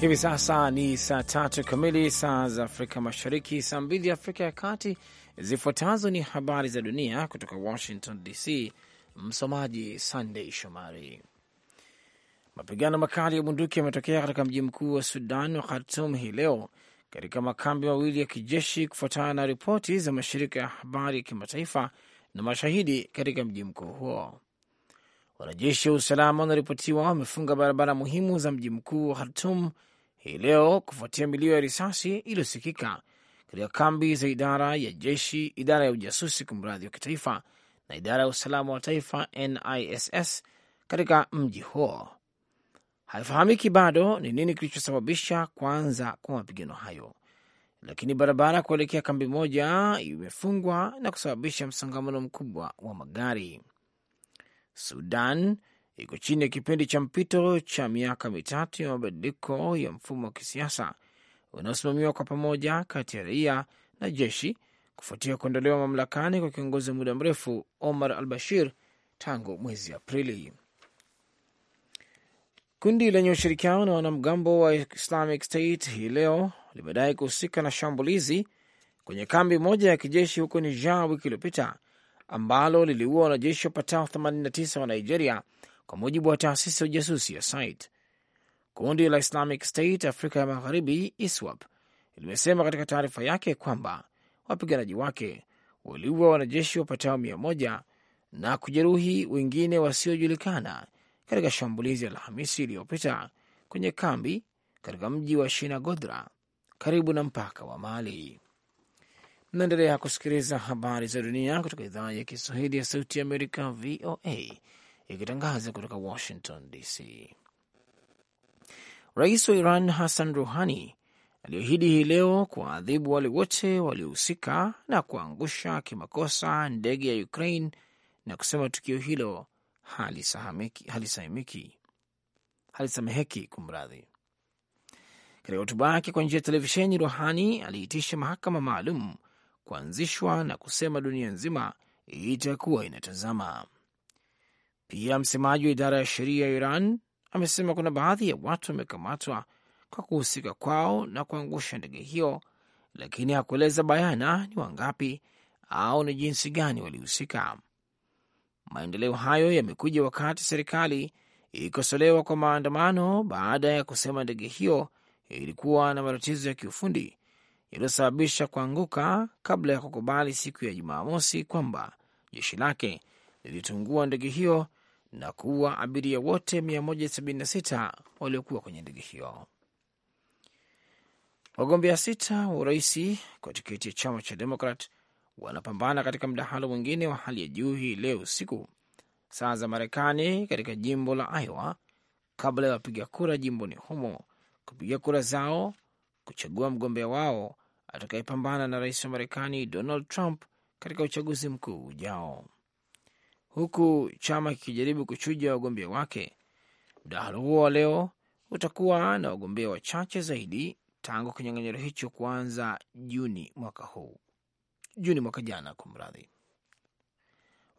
Hivi sasa ni saa tatu kamili saa za Afrika Mashariki, saa mbili Afrika ya Kati. Zifuatazo ni habari za dunia kutoka Washington DC. Msomaji Sandey Shomari. Mapigano makali ya bunduki yametokea katika mji mkuu wa Sudan wa Khartum hii leo katika makambi mawili ya kijeshi, kufuatana na ripoti za mashirika ya habari ya kimataifa na mashahidi katika mji mkuu huo. Wanajeshi wa usalama wanaripotiwa wamefunga barabara muhimu za mji mkuu wa Khartum hii leo kufuatia milio ya risasi iliyosikika katika kambi za idara ya jeshi, idara ya ujasusi kwa mradhi wa kitaifa na idara ya usalama wa taifa NISS katika mji huo. Haifahamiki bado ni nini kilichosababisha kuanza kwa mapigano hayo, lakini barabara kuelekea kambi moja imefungwa na kusababisha msongamano mkubwa wa magari. Sudan iko chini ya kipindi cha mpito cha miaka mitatu ya mabadiliko ya mfumo wa kisiasa unaosimamiwa kwa pamoja kati ya raia na jeshi kufuatia kuondolewa mamlakani kwa kiongozi wa muda mrefu Omar al Bashir tangu mwezi Aprili. Kundi lenye ushirikiano na wanamgambo wa Islamic State hii leo limedai kuhusika na shambulizi kwenye kambi moja ya kijeshi huko Niger wiki iliyopita ambalo liliua wanajeshi wapatao 89 wa Nigeria, kwa mujibu wa taasisi ya ujasusi ya SITE. Kundi la Islamic State Afrika ya Magharibi, ISWAP, limesema katika taarifa yake kwamba wapiganaji wake waliua wanajeshi wapatao 1 na kujeruhi wengine wasiojulikana katika shambulizi ya Alhamisi iliyopita kwenye kambi katika mji wa Shinagodra karibu na mpaka wa Mali. Naendelea kusikiliza habari za dunia kutoka idhaa ya Kiswahili ya Sauti ya Amerika, VOA, ikitangaza kutoka Washington DC. Rais wa Iran Hassan Ruhani aliahidi hii leo kuwaadhibu wale wote waliohusika na kuangusha kimakosa ndege ya Ukraine na kusema tukio hilo halisameheki, halisameheki kumradhi. Katika hotuba yake kwa njia ya televisheni, Ruhani aliitisha mahakama maalum kuanzishwa na kusema dunia nzima itakuwa inatazama. Pia msemaji wa idara ya sheria ya Iran amesema kuna baadhi ya watu wamekamatwa kwa kuhusika kwao na kuangusha ndege hiyo, lakini hakueleza bayana ni wangapi au ni jinsi gani walihusika. Maendeleo hayo yamekuja wakati serikali ikosolewa kwa maandamano baada ya kusema ndege hiyo ilikuwa na matatizo ya kiufundi yaliyosababisha kuanguka kabla ya kukubali siku ya Jumamosi kwamba jeshi lake lilitungua ndege hiyo na kuua abiria wote 176 waliokuwa kwenye ndege hiyo. Wagombea sita wa uraisi kwa tiketi ya chama cha Demokrat wanapambana katika mdahalo mwingine wa hali ya juu hii leo usiku saa za Marekani katika jimbo la Iowa kabla ya wapiga kura jimboni humo kupiga kura zao kuchagua mgombea wao atakayepambana na rais wa Marekani Donald Trump katika uchaguzi mkuu ujao. Huku chama kikijaribu kuchuja wagombea wake, mdahalo huo wa leo utakuwa na wagombea wachache zaidi tangu kinyang'anyiro hicho kuanza Juni mwaka huu, Juni mwaka jana, kumradhi.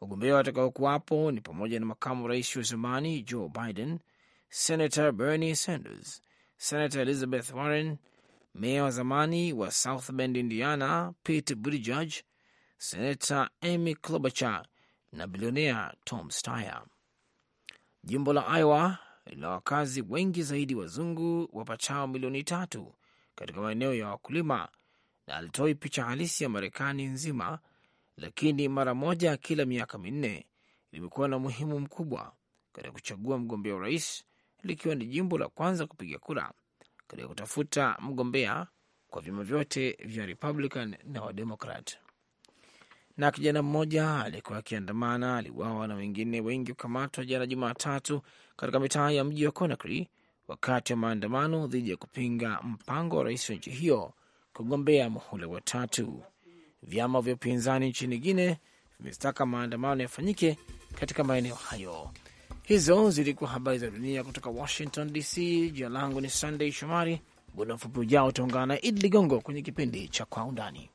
Wagombea watakaokuwapo ni pamoja na makamu rais wa zamani Joe Biden, senator Bernie Sanders, senator Elizabeth Warren meya wa zamani wa South Bend, Indiana, Pete Buttigieg, senata Amy Klobuchar na bilionea Tom Steyer. Jimbo la Iowa lina wakazi wengi zaidi wazungu wapatao milioni tatu katika maeneo ya wakulima, na alitoi picha halisi ya Marekani nzima, lakini mara moja kila miaka minne limekuwa na umuhimu mkubwa katika kuchagua mgombea urais, likiwa ni jimbo la kwanza kupiga kura katika kutafuta mgombea kwa vyama vyote vya Republican na Wademokrat. Na kijana mmoja aliyekuwa akiandamana aliuawa na wengine wengi kukamatwa jana Jumatatu katika mitaa ya mji wa Conakry wakati wa maandamano dhidi ya kupinga mpango wa rais wa nchi hiyo kugombea muhula wa tatu. Vyama vya upinzani nchini Guine vimetaka maandamano yafanyike katika maeneo hayo. Hizo zilikuwa habari za dunia kutoka Washington DC. Jina langu ni Sunday Shomari. Muda mfupi ujao utaungana na Idi Ligongo kwenye kipindi cha Kwa Undani.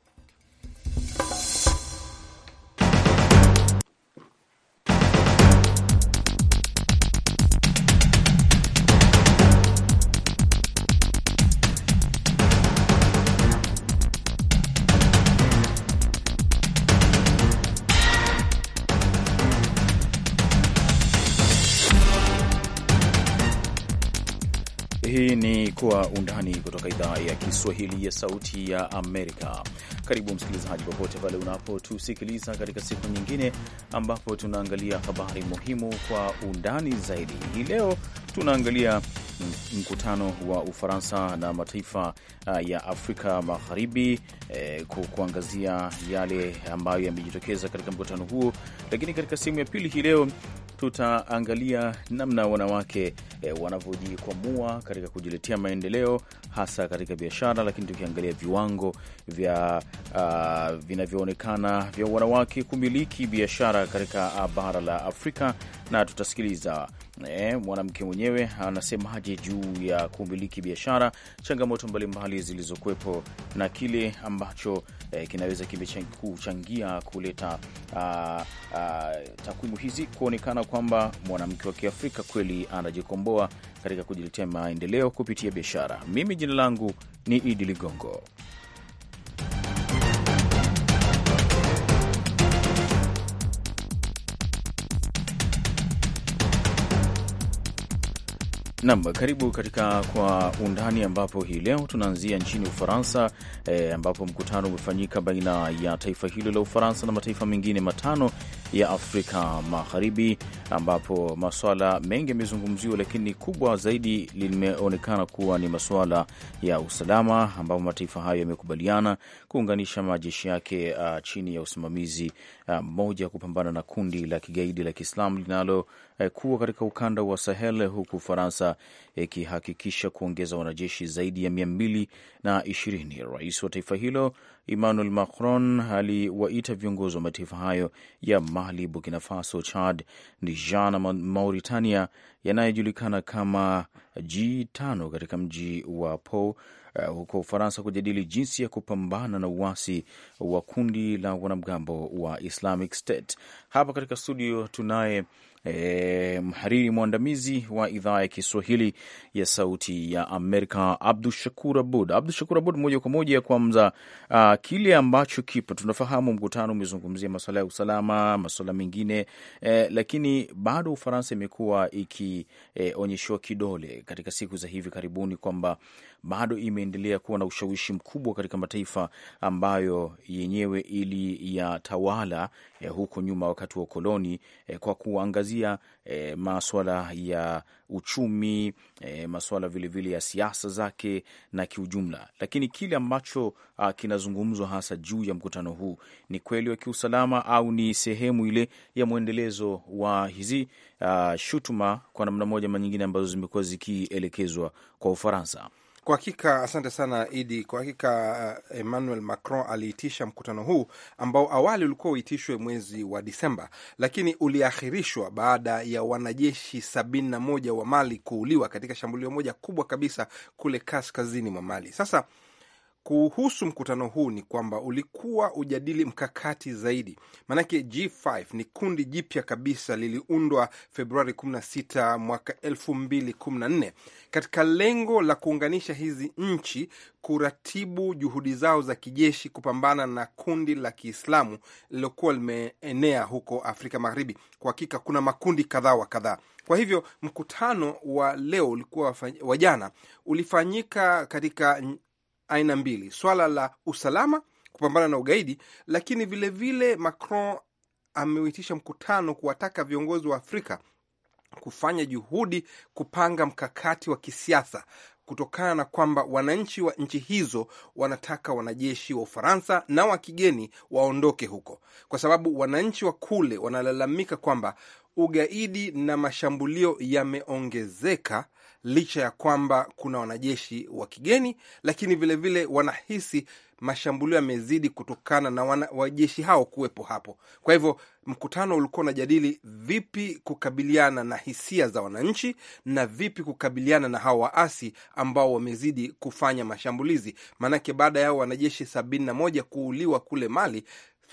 Kwa Undani kutoka idhaa ya Kiswahili ya Sauti ya Amerika. Karibu msikilizaji, popote pale unapotusikiliza katika siku nyingine ambapo tunaangalia habari muhimu kwa undani zaidi. Hii leo tunaangalia mkutano wa Ufaransa na mataifa uh, ya Afrika Magharibi eh, kuangazia yale ambayo yamejitokeza katika mkutano huo, lakini katika sehemu ya pili hii leo tutaangalia namna wanawake e, wanavyojikwamua katika kujiletea maendeleo hasa katika biashara, lakini tukiangalia viwango vya vinavyoonekana vya wanawake kumiliki biashara katika bara la Afrika na tutasikiliza eh, mwanamke mwenyewe anasemaje juu ya kumiliki biashara, changamoto mbalimbali zilizokuwepo na kile ambacho eh, kinaweza kimekuchangia kuleta ah, ah, takwimu hizi kuonekana kwamba mwanamke wa Kiafrika kweli anajikomboa katika kujiletea maendeleo kupitia biashara. Mimi jina langu ni Idi Ligongo. Nam, karibu katika Kwa Undani, ambapo hii leo tunaanzia nchini Ufaransa e, ambapo mkutano umefanyika baina ya taifa hilo la Ufaransa na mataifa mengine matano ya Afrika Magharibi, ambapo masuala mengi yamezungumziwa, lakini kubwa zaidi limeonekana kuwa ni masuala ya usalama, ambapo mataifa hayo yamekubaliana kuunganisha majeshi yake uh, chini ya usimamizi uh, mmoja uh, kupambana na kundi la kigaidi la Kiislamu linalo uh, kuwa katika ukanda wa Sahel, huku Faransa ikihakikisha uh, kuongeza wanajeshi zaidi ya mia mbili na ishirini. Rais wa taifa hilo Emmanuel Macron aliwaita viongozi wa mataifa hayo ya Mali, Burkina Faso, Chad, Niger na Mauritania yanayojulikana kama G5 katika mji wa Po uh, huko uh, Ufaransa kujadili jinsi ya kupambana na uasi wa kundi la wanamgambo wa Islamic State hapa katika studio tunaye e, mhariri mwandamizi wa idhaa ya Kiswahili ya Sauti ya Amerika, Abdu Shakur Abud. Abdu Shakur Abud, moja kwa moja kwanza, uh, kile ambacho kipo tunafahamu, mkutano umezungumzia masuala ya usalama, masuala mengine e, lakini bado Ufaransa imekuwa ikionyeshiwa e, kidole katika siku za hivi karibuni kwamba bado imeendelea kuwa na ushawishi mkubwa katika mataifa ambayo yenyewe yatawala e, huko nyuma wakati wa ukoloni eh, kwa kuangazia eh, maswala ya uchumi eh, maswala vilevile ya siasa zake na kiujumla. Lakini kile ambacho ah, kinazungumzwa hasa juu ya mkutano huu ni kweli wa kiusalama au ni sehemu ile ya mwendelezo wa hizi ah, shutuma kwa namna moja manyingine ambazo zimekuwa zikielekezwa kwa Ufaransa. Kwa hakika, asante sana Idi. Kwa hakika, eh, Emmanuel Macron aliitisha mkutano huu ambao awali ulikuwa uitishwe mwezi wa Disemba, lakini uliahirishwa baada ya wanajeshi sabini na moja wa Mali kuuliwa katika shambulio moja kubwa kabisa kule kaskazini mwa Mali. Sasa kuhusu mkutano huu ni kwamba ulikuwa ujadili mkakati zaidi, maanake G5 ni kundi jipya kabisa, liliundwa Februari 16 mwaka 2014 katika lengo la kuunganisha hizi nchi, kuratibu juhudi zao za kijeshi kupambana na kundi la Kiislamu lililokuwa limeenea huko Afrika Magharibi. Kwa hakika kuna makundi kadhaa wa kadhaa. Kwa hivyo mkutano wa leo ulikuwa wa jana ulifanyika katika aina mbili, swala la usalama, kupambana na ugaidi, lakini vilevile vile Macron ameuitisha mkutano kuwataka viongozi wa Afrika kufanya juhudi kupanga mkakati wa kisiasa kutokana na kwamba wananchi wa nchi hizo wanataka wanajeshi wa Ufaransa na wa kigeni waondoke huko, kwa sababu wananchi wa kule wanalalamika kwamba ugaidi na mashambulio yameongezeka licha ya kwamba kuna wanajeshi wa kigeni, lakini vilevile vile wanahisi mashambulio yamezidi kutokana na wanajeshi hao kuwepo hapo. Kwa hivyo mkutano ulikuwa unajadili vipi kukabiliana na hisia za wananchi na vipi kukabiliana na hawa waasi ambao wamezidi kufanya mashambulizi, maanake baada yao wanajeshi sabini na moja kuuliwa kule Mali,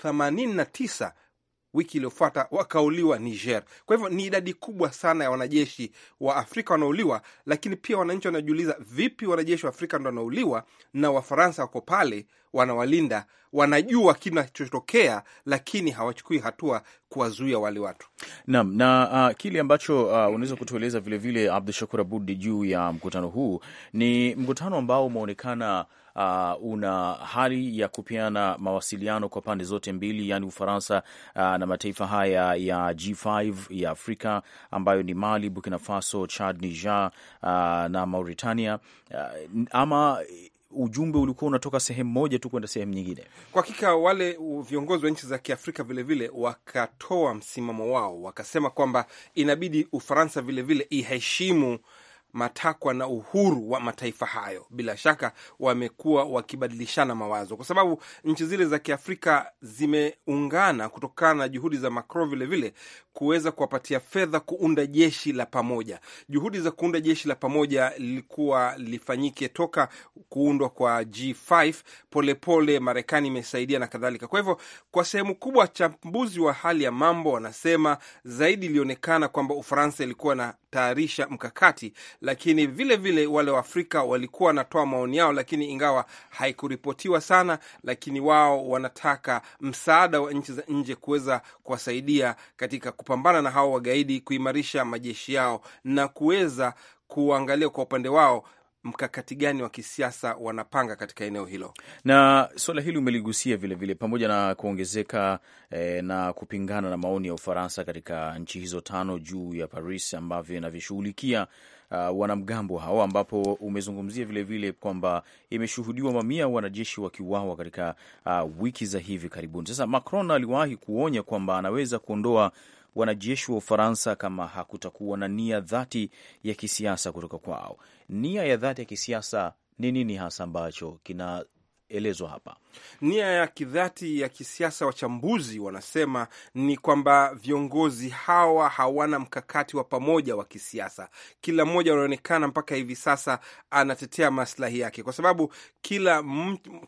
themanini na tisa wiki iliyofuata wakauliwa Niger. Kwa hivyo ni idadi kubwa sana ya wanajeshi wa Afrika wanaouliwa, lakini pia wananchi wanajiuliza vipi wanajeshi wa Afrika ndo wanauliwa na Wafaransa wako pale wanawalinda, wanajua kinachotokea, lakini hawachukui hatua kuwazuia wale watu. Naam, na uh, kile ambacho uh, unaweza kutueleza vilevile, Abdu Shakur Abud, juu ya mkutano huu, ni mkutano ambao umeonekana Uh, una hali ya kupeana mawasiliano kwa pande zote mbili, yani Ufaransa uh, na mataifa haya ya G5 ya Afrika ambayo ni Mali, Burkina Faso, Chad, Niger uh, na Mauritania uh, ama ujumbe ulikuwa unatoka sehemu moja tu kwenda sehemu nyingine. Kwa hakika wale viongozi wa nchi za Kiafrika vilevile wakatoa msimamo wao, wakasema kwamba inabidi Ufaransa vilevile iheshimu matakwa na uhuru wa mataifa hayo. Bila shaka wamekuwa wakibadilishana mawazo, kwa sababu nchi zile za Kiafrika zimeungana kutokana na juhudi za Macron vilevile kuweza kuwapatia fedha kuunda jeshi la pamoja. Juhudi za kuunda jeshi la pamoja lilikuwa lifanyike toka kuundwa kwa G5. Polepole Marekani imesaidia na kadhalika. Kwa hivyo, kwa sehemu kubwa wachambuzi wa hali ya mambo wanasema zaidi ilionekana kwamba Ufaransa ilikuwa na kutayarisha mkakati, lakini vile vile wale Waafrika walikuwa wanatoa maoni yao, lakini ingawa haikuripotiwa sana, lakini wao wanataka msaada wa nchi za nje kuweza kuwasaidia katika kupambana na hao wagaidi, kuimarisha majeshi yao na kuweza kuangalia kwa upande wao mkakati gani wa kisiasa wanapanga katika eneo hilo. Na suala hili umeligusia vilevile, pamoja na kuongezeka eh, na kupingana na maoni ya Ufaransa katika nchi hizo tano juu ya Paris ambavyo inavyoshughulikia Uh, ah, wanamgambo hao ambapo umezungumzia vilevile kwamba imeshuhudiwa mamia wanajeshi wakiuawa katika uh, wiki za hivi karibuni. Sasa Macron aliwahi kuonya kwamba anaweza kuondoa wanajeshi wa Ufaransa kama hakutakuwa na nia dhati ya kisiasa kutoka kwao. Nia ya dhati ya kisiasa ni nini hasa ambacho kina inaelezwa hapa? Nia ya kidhati ya kisiasa, wachambuzi wanasema ni kwamba viongozi hawa hawana mkakati wa pamoja wa kisiasa. Kila mmoja anaonekana mpaka hivi sasa anatetea maslahi yake, kwa sababu kila,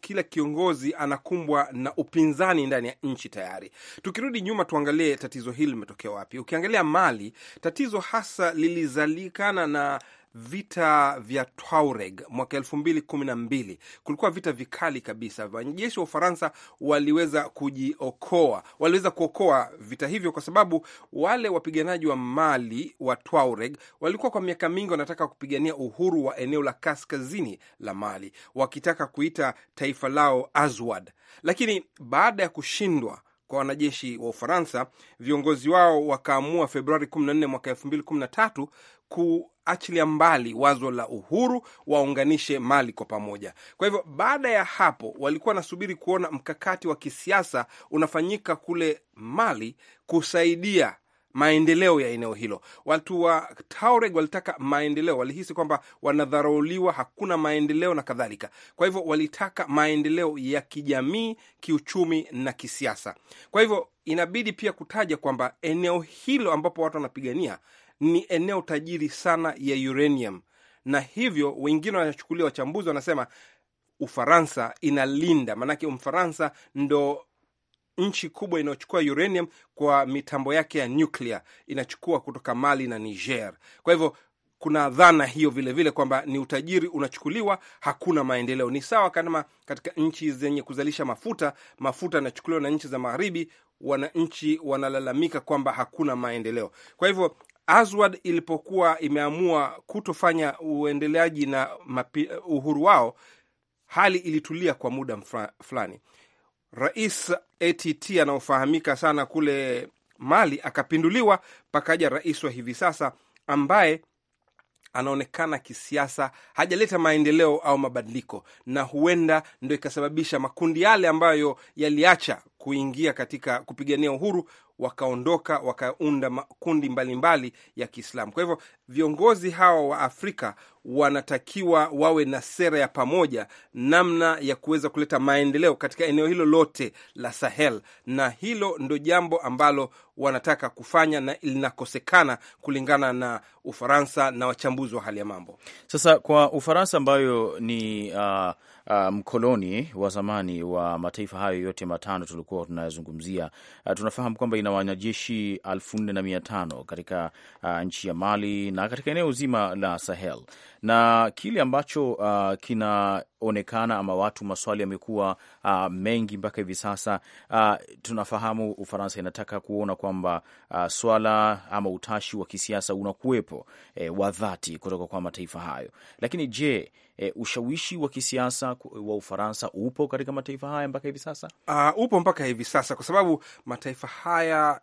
kila kiongozi anakumbwa na upinzani ndani ya nchi tayari. Tukirudi nyuma, tuangalie tatizo hili limetokea wapi. Ukiangalia Mali, tatizo hasa lilizalikana na vita vya Tuareg mwaka elfu mbili kumi na mbili kulikuwa vita vikali kabisa. Wanajeshi wa Ufaransa waliweza kujiokoa, waliweza kuokoa vita hivyo kwa sababu wale wapiganaji wa Mali wa Tuareg walikuwa kwa miaka mingi wanataka kupigania uhuru wa eneo la kaskazini la Mali, wakitaka kuita taifa lao Azwad, lakini baada ya kushindwa kwa wanajeshi wa Ufaransa, viongozi wao wakaamua Februari 14 mwaka 2013 kuachilia mbali wazo la uhuru, waunganishe mali kwa pamoja. Kwa hivyo baada ya hapo, walikuwa wanasubiri kuona mkakati wa kisiasa unafanyika kule Mali kusaidia maendeleo ya eneo hilo. Watu wa Tuareg walitaka maendeleo, walihisi kwamba wanadharauliwa, hakuna maendeleo na kadhalika. Kwa hivyo walitaka maendeleo ya kijamii, kiuchumi na kisiasa. Kwa hivyo inabidi pia kutaja kwamba eneo hilo ambapo watu wanapigania ni eneo tajiri sana ya uranium, na hivyo wengine wanachukulia, wachambuzi wanasema Ufaransa inalinda, maanake Mfaransa ndo nchi kubwa inayochukua uranium kwa mitambo yake ya nuklia, inachukua kutoka Mali na Niger. Kwa hivyo kuna dhana hiyo vilevile kwamba ni utajiri unachukuliwa, hakuna maendeleo. Ni sawa kama katika nchi zenye kuzalisha mafuta, mafuta yanachukuliwa na nchi za magharibi, wananchi wanalalamika kwamba hakuna maendeleo. Kwa hivyo Azwad ilipokuwa imeamua kutofanya uendeleaji na uhuru wao, hali ilitulia kwa muda fulani. Rais ATT anaofahamika sana kule Mali akapinduliwa, pakaja rais wa hivi sasa ambaye anaonekana kisiasa hajaleta maendeleo au mabadiliko, na huenda ndo ikasababisha makundi yale ambayo yaliacha kuingia katika kupigania uhuru wakaondoka wakaunda makundi mbalimbali ya Kiislamu. Kwa hivyo viongozi hawa wa Afrika wanatakiwa wawe na sera ya pamoja, namna ya kuweza kuleta maendeleo katika eneo hilo lote la Sahel, na hilo ndo jambo ambalo wanataka kufanya na linakosekana kulingana na Ufaransa na wachambuzi wa hali ya mambo. Sasa kwa Ufaransa ambayo ni uh, uh, mkoloni wa zamani wa mataifa hayo yote matano tulikuwa tunayazungumzia, uh, tunafahamu kwamba ina wanajeshi elfu nne na mia tano katika uh, nchi ya Mali na katika eneo zima la Sahel na kile ambacho uh, kinaonekana ama watu maswali yamekuwa uh, mengi mpaka hivi sasa. Uh, tunafahamu Ufaransa inataka kuona kwamba uh, swala ama utashi wa kisiasa unakuwepo eh, wa dhati kutoka kwa mataifa hayo, lakini je, E, ushawishi wa kisiasa wa Ufaransa upo katika mataifa haya mpaka hivi sasa? Uh, upo mpaka hivi sasa kwa sababu mataifa haya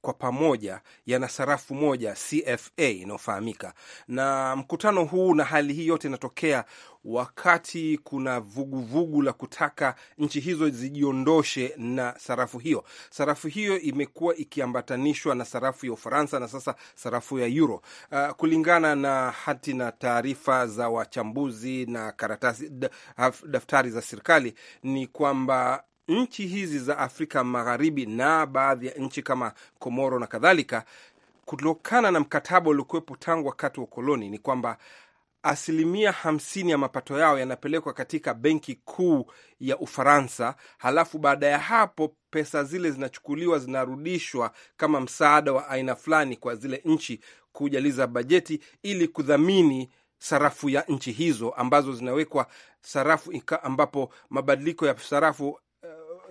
kwa pamoja yana sarafu moja CFA inayofahamika. Na mkutano huu na hali hii yote inatokea wakati kuna vuguvugu vugu la kutaka nchi hizo zijiondoshe na sarafu hiyo. Sarafu hiyo imekuwa ikiambatanishwa na sarafu ya Ufaransa na sasa sarafu ya euro. Uh, kulingana na hati na taarifa za wachambuzi na karatasi daftari za serikali ni kwamba nchi hizi za Afrika Magharibi na baadhi ya nchi kama Komoro na kadhalika, kutokana na mkataba uliokuwepo tangu wakati wa ukoloni, ni kwamba asilimia hamsini ya mapato yao yanapelekwa katika benki kuu ya Ufaransa. Halafu baada ya hapo pesa zile zinachukuliwa zinarudishwa kama msaada wa aina fulani kwa zile nchi kujaliza bajeti ili kudhamini sarafu ya nchi hizo ambazo zinawekwa sarafu, ambapo mabadiliko ya sarafu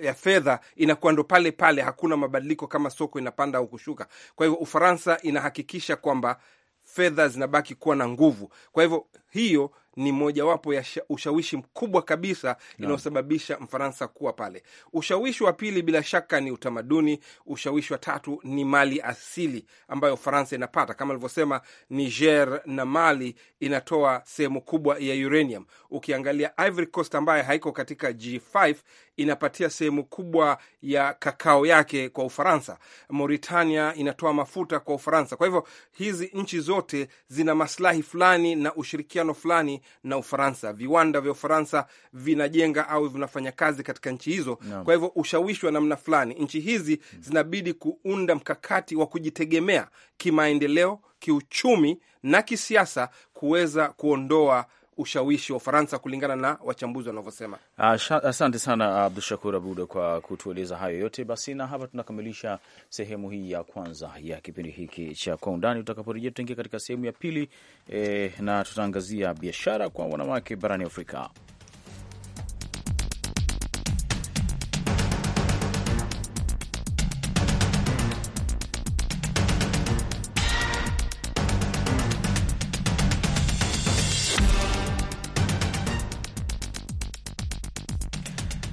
ya fedha inakuwa ndo pale pale, hakuna mabadiliko kama soko inapanda au kushuka. Kwa hivyo Ufaransa inahakikisha kwamba fedha zinabaki kuwa na nguvu. Kwa hivyo hiyo ni mojawapo ya ushawishi mkubwa kabisa inayosababisha Mfaransa kuwa pale. Ushawishi wa pili bila shaka ni utamaduni. Ushawishi wa tatu ni mali asili ambayo ufaransa inapata, kama alivyosema, Niger na Mali inatoa sehemu kubwa ya uranium. Ukiangalia Ivory Coast ambayo haiko katika G5 inapatia sehemu kubwa ya kakao yake kwa Ufaransa. Mauritania inatoa mafuta kwa Ufaransa. Kwa hivyo hizi nchi zote zina maslahi fulani na ushirikiano fulani na Ufaransa. Viwanda vya Ufaransa vinajenga au vinafanya kazi katika nchi hizo no. Kwa hivyo ushawishi wa namna fulani, nchi hizi zinabidi kuunda mkakati wa kujitegemea kimaendeleo, kiuchumi na kisiasa kuweza kuondoa ushawishi wa Ufaransa kulingana na wachambuzi wanavyosema. Ah, asante sana Abdu Shakur Abud kwa kutueleza hayo yote. Basi na hapa tunakamilisha sehemu hii ya kwanza ya kipindi hiki cha Kwa Undani. Tutakaporejea tutaingia katika sehemu ya pili eh, na tutaangazia biashara kwa wanawake barani Afrika.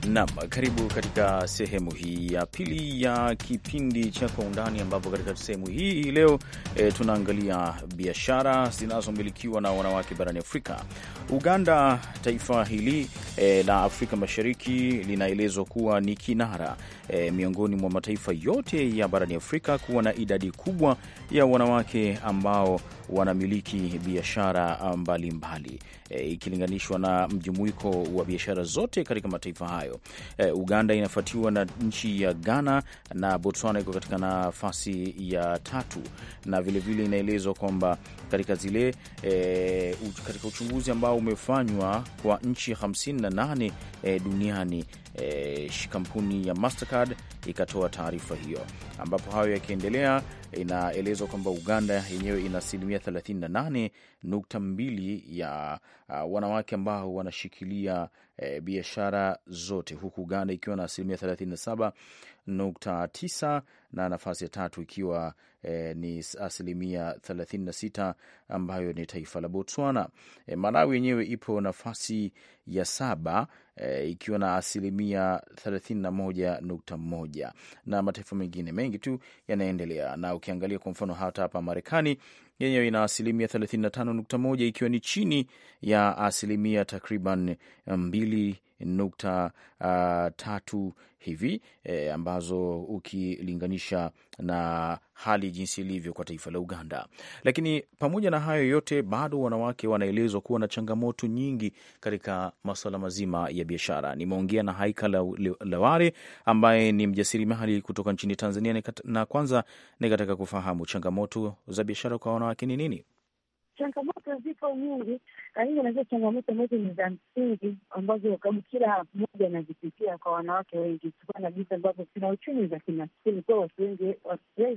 Nam, karibu katika sehemu hii ya pili ya kipindi cha Kwa Undani, ambapo katika sehemu hii hii leo e, tunaangalia biashara zinazomilikiwa na wanawake barani Afrika. Uganda, taifa hili e, la Afrika Mashariki linaelezwa kuwa ni kinara e, miongoni mwa mataifa yote ya barani Afrika kuwa na idadi kubwa ya wanawake ambao wanamiliki biashara mbalimbali e, ikilinganishwa na mjumuiko wa biashara zote katika mataifa hayo. E, Uganda inafuatiwa na nchi ya Ghana na Botswana iko katika nafasi ya tatu, na vilevile inaelezwa kwamba katika zile e, katika uchunguzi ambao umefanywa kwa nchi 58 e, duniani. E, kampuni ya Mastercard ikatoa taarifa hiyo, ambapo hayo yakiendelea, inaelezwa kwamba Uganda yenyewe ina asilimia 38.2 ya uh, wanawake ambao wanashikilia e, biashara zote, huku Uganda ikiwa na asilimia 37.9 na nafasi ya tatu ikiwa e, ni asilimia 36 ambayo ni taifa la Botswana. E, Malawi yenyewe ipo nafasi ya saba e, ikiwa na asilimia 31.1 na mataifa mengine mengi tu yanaendelea, na ukiangalia kwa mfano hata hapa Marekani yenyewe ina asilimia 35.1 ikiwa ni chini ya asilimia takriban mbili nukta uh, tatu hivi e, ambazo ukilinganisha na hali jinsi ilivyo kwa taifa la Uganda. Lakini pamoja na hayo yote, bado wanawake wanaelezwa kuwa na changamoto nyingi katika masuala mazima ya biashara. Nimeongea na Haika Laware ambaye ni mjasiriamali kutoka nchini Tanzania, na kwanza nikataka kufahamu changamoto za biashara kwa wanawake ni nini? Changamoto ziko nyingi, kwa hiyo changamoto ambazo ni za msingi ambazo kama kila mmoja anazipitia kwa wanawake wengi, kutokana na jinsi ambavyo kuna uchumi za kimaskini, kwa watu wengi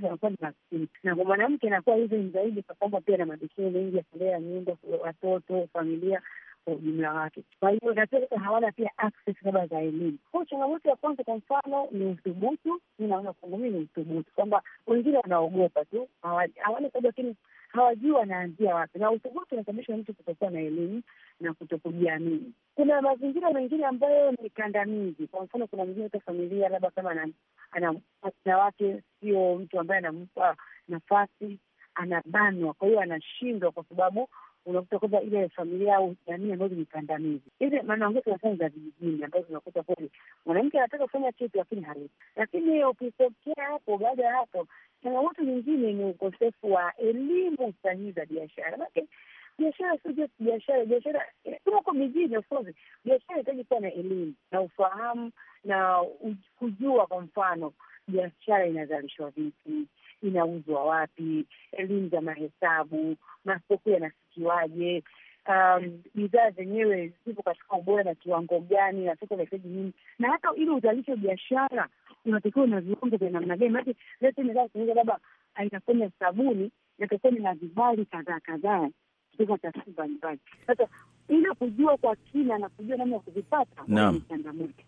wanakuwa ni maskini, na kwa mwanamke inakuwa hizo ni zaidi, kwa kwamba pia na majukumu mengi ya kulea nyumba, watoto, familia kwa ujumla wake. Kwa hiyo inatosha, hawana pia access labda za elimu. Kwa changamoto ya kwanza, kwa mfano ni uthubutu. Mi naona kwangu mii ni uthubutu, kwamba wengine wanaogopa tu, hawana sababu, lakini hawajui wanaanzia wapi, na uthubutu unasababishwa mtu kutokuwa na elimu na kutokujiamini. Kuna mazingira mengine ambayo ni kandamizi. Kwa mfano, kuna mgine ta familia labda kama ana ana wake sio mtu ambaye anampa nafasi, anabanwa, kwa hiyo anashindwa kwa sababu unakuta kwamba ile familia au jamii ambazo ni kandamizi, ile maanaongeza sana za vijijini ambazo unakuta kweli mwanamke anataka kufanya kitu lakini hawezi. Lakini ukitokea hapo, baada ya hapo, changamoto nyingine ni ukosefu wa elimu sahihi za biashara make biashara sio just biashara. Biashara tuko eh, mijini, of course, biashara inahitaji kuwa na elimu na ufahamu na kujua, kwa mfano biashara inazalishwa vipi, inauzwa wapi, elimu za mahesabu, masoko yanasikiwaje, um, bidhaa um, zenyewe zipo katika ubora na kiwango gani, na soko nahitaji nini, na hata ile uzalisho biashara unatakiwa na viwango vya namna gani. Maake letnaweza kutengeneza labda ainafanya sabuni natakiwa na vibali kadhaa kadhaa kutoka taasisi mbalimbali. Sasa ila kujua kwa kina na kujua namna ya kuvipata ni changamoto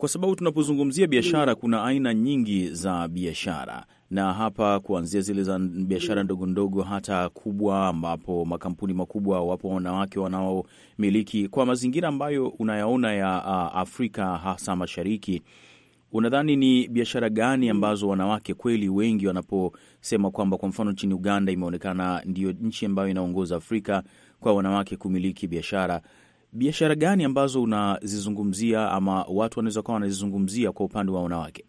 kwa sababu tunapozungumzia biashara kuna aina nyingi za biashara na hapa kuanzia zile za biashara ndogo ndogo hata kubwa, ambapo makampuni makubwa wapo wanawake wanaomiliki. Kwa mazingira ambayo unayaona ya Afrika hasa Mashariki, unadhani ni biashara gani ambazo wanawake kweli wengi wanaposema kwamba, kwa mfano nchini Uganda imeonekana ndiyo nchi ambayo inaongoza Afrika kwa wanawake kumiliki biashara biashara gani ambazo unazizungumzia ama watu wanaweza kuwa wanazizungumzia kwa upande wa wanawake?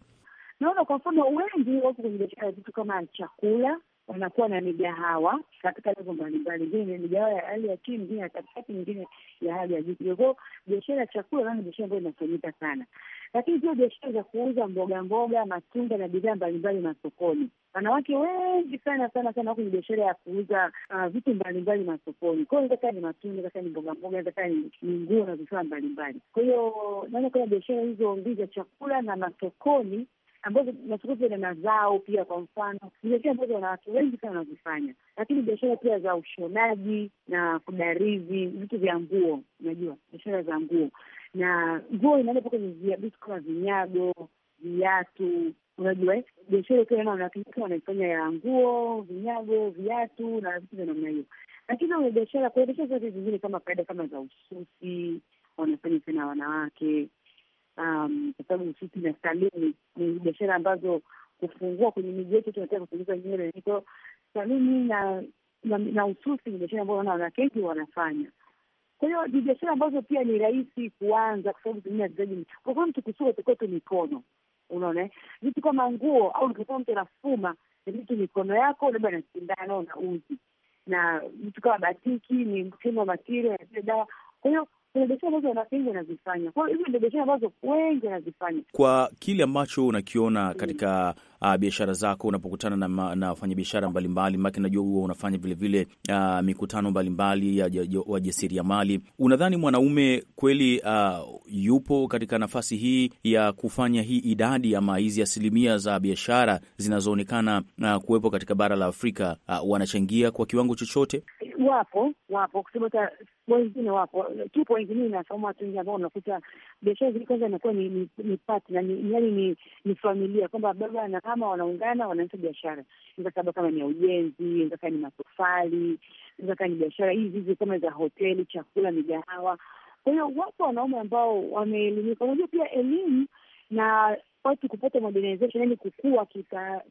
Naona kwa mfano wengi wako kwenye biashara ya vitu kama chakula, wanakuwa na migahawa katika levo mbalimbali, ingine ni migahawa ya hali ya chini, ingine ya katikati, ingine ya hali ya juu. Kwa biashara ya chakula ni biashara ambayo inafanyika sana, lakini pia biashara za kuuza mboga mboga, matunda na bidhaa mbalimbali masokoni. Wanawake wengi sana sana sana wako ni biashara ya kuuza uh, vitu mbalimbali masokoni. Kwa hiyo inaweza kaa ni matunda, inaweza kaa ni mboga mboga, inaweza kaa ni nguo na vifaa mbalimbali. Kwa hiyo naona kama biashara hizo mbili za chakula na masokoni ambazo masoko na mazao pia, kwa mfano ni biashara ambazo wanawake wengi sana wanazifanya, lakini biashara pia za ushonaji na kudarizi vitu vya nguo, unajua biashara za nguo na nguo inaenda paka kwenye vitu kama vinyago, viatu. Unajua eh, biashara ukiwa ukiona wanawake wanaifanya ya nguo, vinyago, viatu na vitu vya namna hiyo, lakini wenye biashara, kuna biashara zote zingine kama faida kama za ususi wanafanya tena wanawake, um, kwa sababu ususi na saluni ni biashara ambazo kufungua kwenye miji yetu tunataka kupunguza nywele. Saluni na na ususi ni biashara ambayo naona wanawake wengi wanafanya kwa hiyo ni biashara ambazo pia ni rahisi kuanza, kwa sababu zingine vizaji, kwa sababu tukisua tukuwa mikono, unaona vitu kama nguo au nikasema mtu anafuma ni vitu mikono yako, labda na sindano na uzi na vitu kama batiki ni mtindo wa na zile dawa. Kwa hiyo kuna biashara ambazo wanapengi wanazifanya, kwa hiyo hizo ndio biashara ambazo wengi wanazifanya. Kwa kile ambacho unakiona katika mm uh, biashara zako unapokutana na, na wafanyabiashara mbalimbali, maana najua huwa unafanya vilevile uh, ah, mikutano mbalimbali ya wajasiriamali. Unadhani mwanaume kweli uh, yupo katika nafasi hii ya kufanya hii idadi ama hizi asilimia za biashara zinazoonekana uh, kuwepo katika bara la Afrika uh, wanachangia kwa kiwango chochote? Wapo, wapo kusema wengine wapo, tupo wengine, nafahamu watu wengi ambao unakuta biashara zili kwanza inakuwa ni ni partner, yaani ni, ni familia kwamba baba na kama wanaungana wanaanza biashara, inaweza kaba kama ni ya ujenzi, inaweza kaa ni matofali, inaweza kaa ni biashara hizi hizi kama za hoteli, chakula, migahawa. Kwa hiyo wapo wanaume ambao wameelimika. Unajua pia elimu na watu kupata modernization, yani kukua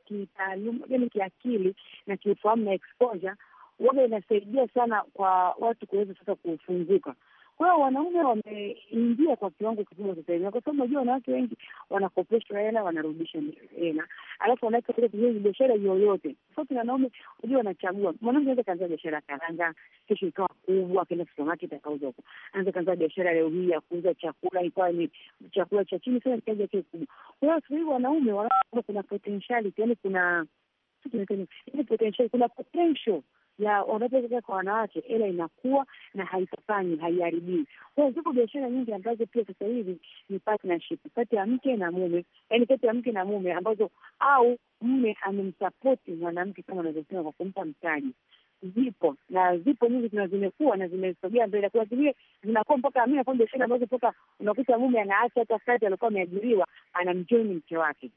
kitaaluma, yani kiakili na kiufahamu na exposure, waga inasaidia sana kwa watu kuweza sasa kufunguka kwa hiyo wanaume wameingia kwa kiwango kikubwa sasa hivi, kwa sababu unajua wanawake wengi wanakopeshwa hela wanarudisha hela, alafu wanawake katika biashara yoyote Sasa na wanaume. Unajua wanachagua, mwanamke anaweza kaanza biashara ya karanga, kesho ikawa kubwa, akaenda supermarket itakauza huko, anaweza kaanza biashara leo hii ya kuuza chakula, ikawa ni chakula cha chini sana, kikaja kile kubwa. Kwa hiyo sasa hivi wanaume wanaona kuna potentiality, yani kuna potential, kuna potential ya wanapoweka kwa wanawake, hela inakuwa na haifanyi haiharibii. Kwa hiyo ziko biashara nyingi ambazo pia sasa hivi ni partnership kati ya mke na mume, yaani kati ya mke na mume ambazo, au mme amemsapoti mwanamke kama unavyosema kwa kumpa mtaji zipo na zipo nyingi zina zimekuwa na zimesogea mbele. kwa zingine zinakuwa mpaka mi nakuwa biashara ambazo mpaka unakuta mume anaacha hata kazi aliokuwa ameajiriwa, anamjoini mke wake.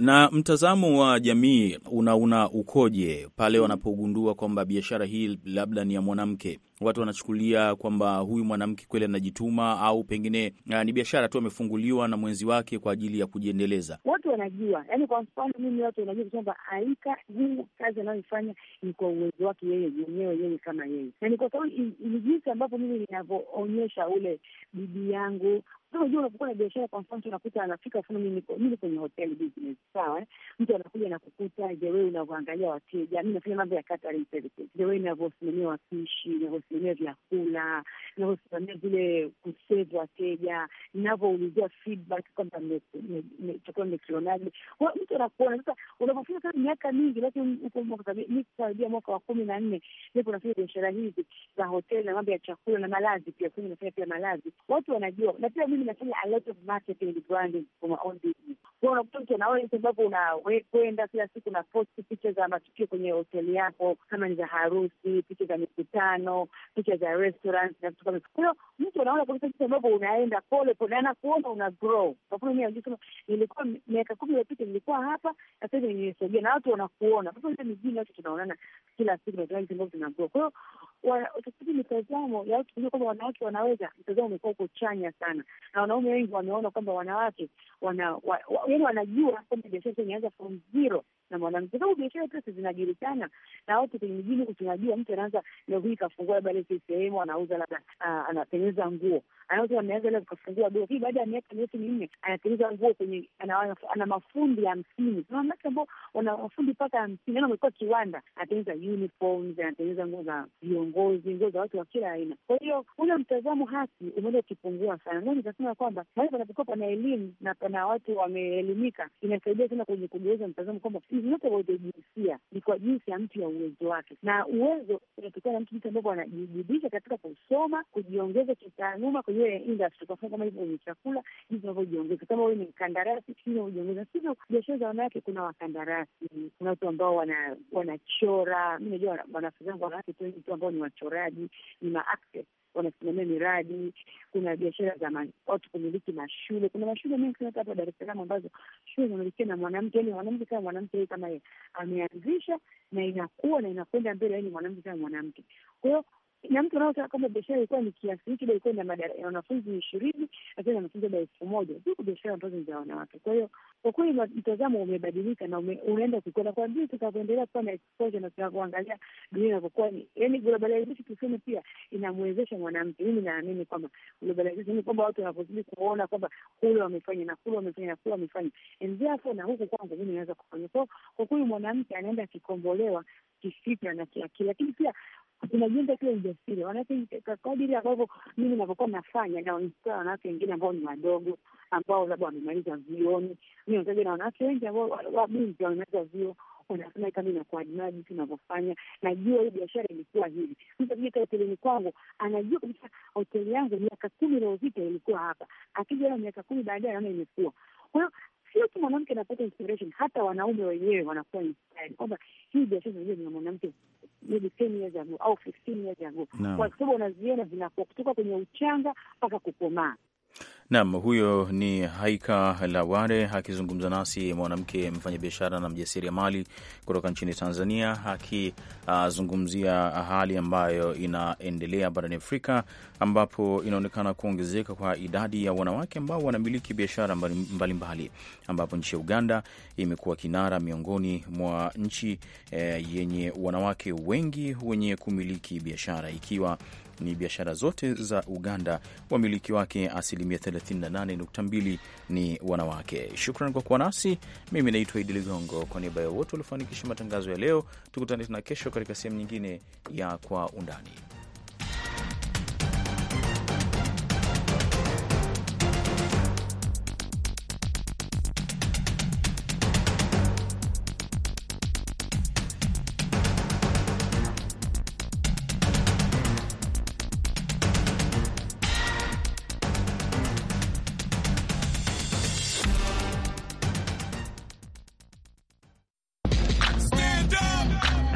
Na mtazamo wa jamii unauna ukoje pale wanapogundua kwamba biashara hii labda ni ya mwanamke? watu wanachukulia kwamba huyu mwanamke kweli anajituma, au pengine uh, ni biashara tu amefunguliwa na mwenzi wake kwa ajili ya kujiendeleza. Watu wanajua, yani kwa mfano mimi, watu wanajua kwamba Aika hii kazi anayoifanya ni kwa uwezo wake yeye mwenyewe, yeye kama yeye, na kwa sababu ni jinsi ambapo mimi ninavyoonyesha ule bibi yangu Unajua, unapokuwa na biashara, kwa mfano, unakuta anafika, mfano mi ni kwenye hotel business, sawa. Eh? Mtu anakuja na kukuta, je, wewe unavyoangalia wateja, mi nafanya mambo ya catering services, je, wewe inavyosimamia wapishi, kusimamia vyakula, inavyosimamia vile kusevu wateja, inavyoulizia feedback kwamba chakula mmekionaje. Mtu anakuona sasa, unapofanya kazi miaka mingi, lakini huko mi karibia mwaka wa kumi na nne ndipo nafanya biashara hizi za hoteli na mambo ya chakula na malazi pia, kwenye nafanya pia malazi, watu wanajua, na pia mimi nafanya a lot of marketing branding for my own business. Kwa unakuta mtu anaona ambavyo unakwenda kila siku na posti picha za matukio kwenye hoteli yako, kama ni za harusi, picha za mikutano, picha za restaurant na vitu kama. Kwa hiyo mtu anaona kabisa jinsi ambavyo unaenda pole pole, anakuona una grow. Kwa mfano mimi najua nilikuwa miaka kumi iliyopita nilikuwa hapa na sasa hivi nimesogea na watu wanakuona. Sasa ile mijini watu tunaonana kila siku na tunaona jinsi ambavyo tuna grow. Kwa hiyo utafiti mitazamo ya watu kujua kwamba wanawake wanaweza, mtazamo umekuwa uko chanya sana, na wanaume wengi wameona kwamba wanawake wana, wa, wa, yani wanajua kwamba biashara imeanza from zero na mwanamke, sababu biashara pia zinajulikana na watu kwenye mjini. Tunajua mtu anaanza leo hii kafungua labda ile sehemu anauza labda, anatengeneza nguo, anauza ameanza leo kafungua duka hii, baada ya miaka miezi minne anatengeneza nguo kwenye, ana mafundi hamsini, kuna wanawake ambao wana mafundi mpaka hamsini, yaani amekuwa kiwanda, anatengeneza uniforms, anatengeneza nguo za viongozi, nguo za watu wa kila aina. Kwa hiyo ule mtazamo hasi umeenda ukipungua sana, ndio nikasema kwamba mahali panapokuwa pana elimu na pana watu wameelimika, inasaidia sana kwenye kugeuza mtazamo kwamba yote moja ni kwa jinsi ya mtu ya uwezo wake, na uwezo unatokana na mtu jinsi ambavyo anajijibisha katika kusoma, kujiongeza kitaaluma kwenye ile industry. Kwa mfano kama hivyo kwenye chakula, jinsi unavyojiongeza, kama huyu ni mkandarasi, unavyojiongeza. Sivyo biashara za wanawake, kuna wakandarasi, kuna watu ambao wana wanachora. Mi najua wanafunzi wangu wanawake wengi tu ambao ni wachoraji, ni ma wanasimamia miradi, kuna biashara za watu kumiliki mashule. Kuna mashule mengi sana hapa Dar es Salaam ambazo shule inamilikiwa na mwanamke, yani mwanamke kama mwanamke kama yeye ameanzisha na inakuwa na inakwenda mbele, yani mwanamke kama mwanamke. Kwa hiyo na mtu unaotaka kwamba biashara ilikuwa ni kiasi hiki, ilikuwa na wanafunzi ishirini, lakini na wanafunzi labda elfu moja huku biashara ambazo ni za wanawake. Kwa hiyo kwa kweli mtazamo umebadilika na unaenda kukwenda kwa vii, tukavyoendelea kuwa na exposure na tunavyoangalia dunia inavyokuwa, yani globalization tuseme, pia inamwezesha mwanamke. Mimi naamini kwamba globalization ni yaani kwamba watu wanapozidi kuona kwamba kule wamefanya na kule wamefanya na kule wamefanya and therefore na huku kwangu mimi naweza kufanya kwao. Kwa kweli mwanamke anaenda akikombolewa kifikra na kiakili, lakini pia inajenga kile ujasiri. Manake kadiri ambavyo mimi navyokuwa nafanya na wanaa wanawake wengine ambao ni wadogo, ambao labda wamemaliza vioni, mi nataja na wanawake wengi ambao wabinti wamemaliza vio unasema kama inakuaje jinsi unavyofanya. Najua hii biashara ilikuwa hivi. Mtu akija hotelini kwangu anajua kabisa hoteli yangu miaka kumi iliyopita ilikuwa hapa, akija leo miaka kumi baadaye anaona imekuwa. Kwa hiyo sio tu mwanamke anapata inspiration, hata wanaume wenyewe wanakuwa inspired kwamba hii biashara zenyewe zina mwanamke maybe ten years ago au fifteen years ago, kwa sababu unaziona zinakua kutoka kwenye uchanga mpaka kukomaa. Nam, huyo ni Haika Laware akizungumza nasi, mwanamke mfanyabiashara na mjasiriamali kutoka nchini Tanzania, akizungumzia hali ambayo inaendelea barani Afrika, ambapo inaonekana kuongezeka kwa idadi ya wanawake ambao wanamiliki biashara mbalimbali mbali, ambapo nchi ya Uganda imekuwa kinara miongoni mwa nchi eh, yenye wanawake wengi wenye kumiliki biashara ikiwa ni biashara zote za Uganda, wamiliki wake asilimia 38.2 ni wanawake. Shukran kwa kuwa nasi. Mimi naitwa Idi Ligongo, kwa niaba ya wote waliofanikisha matangazo ya leo. Tukutane tena kesho katika sehemu nyingine ya Kwa Undani.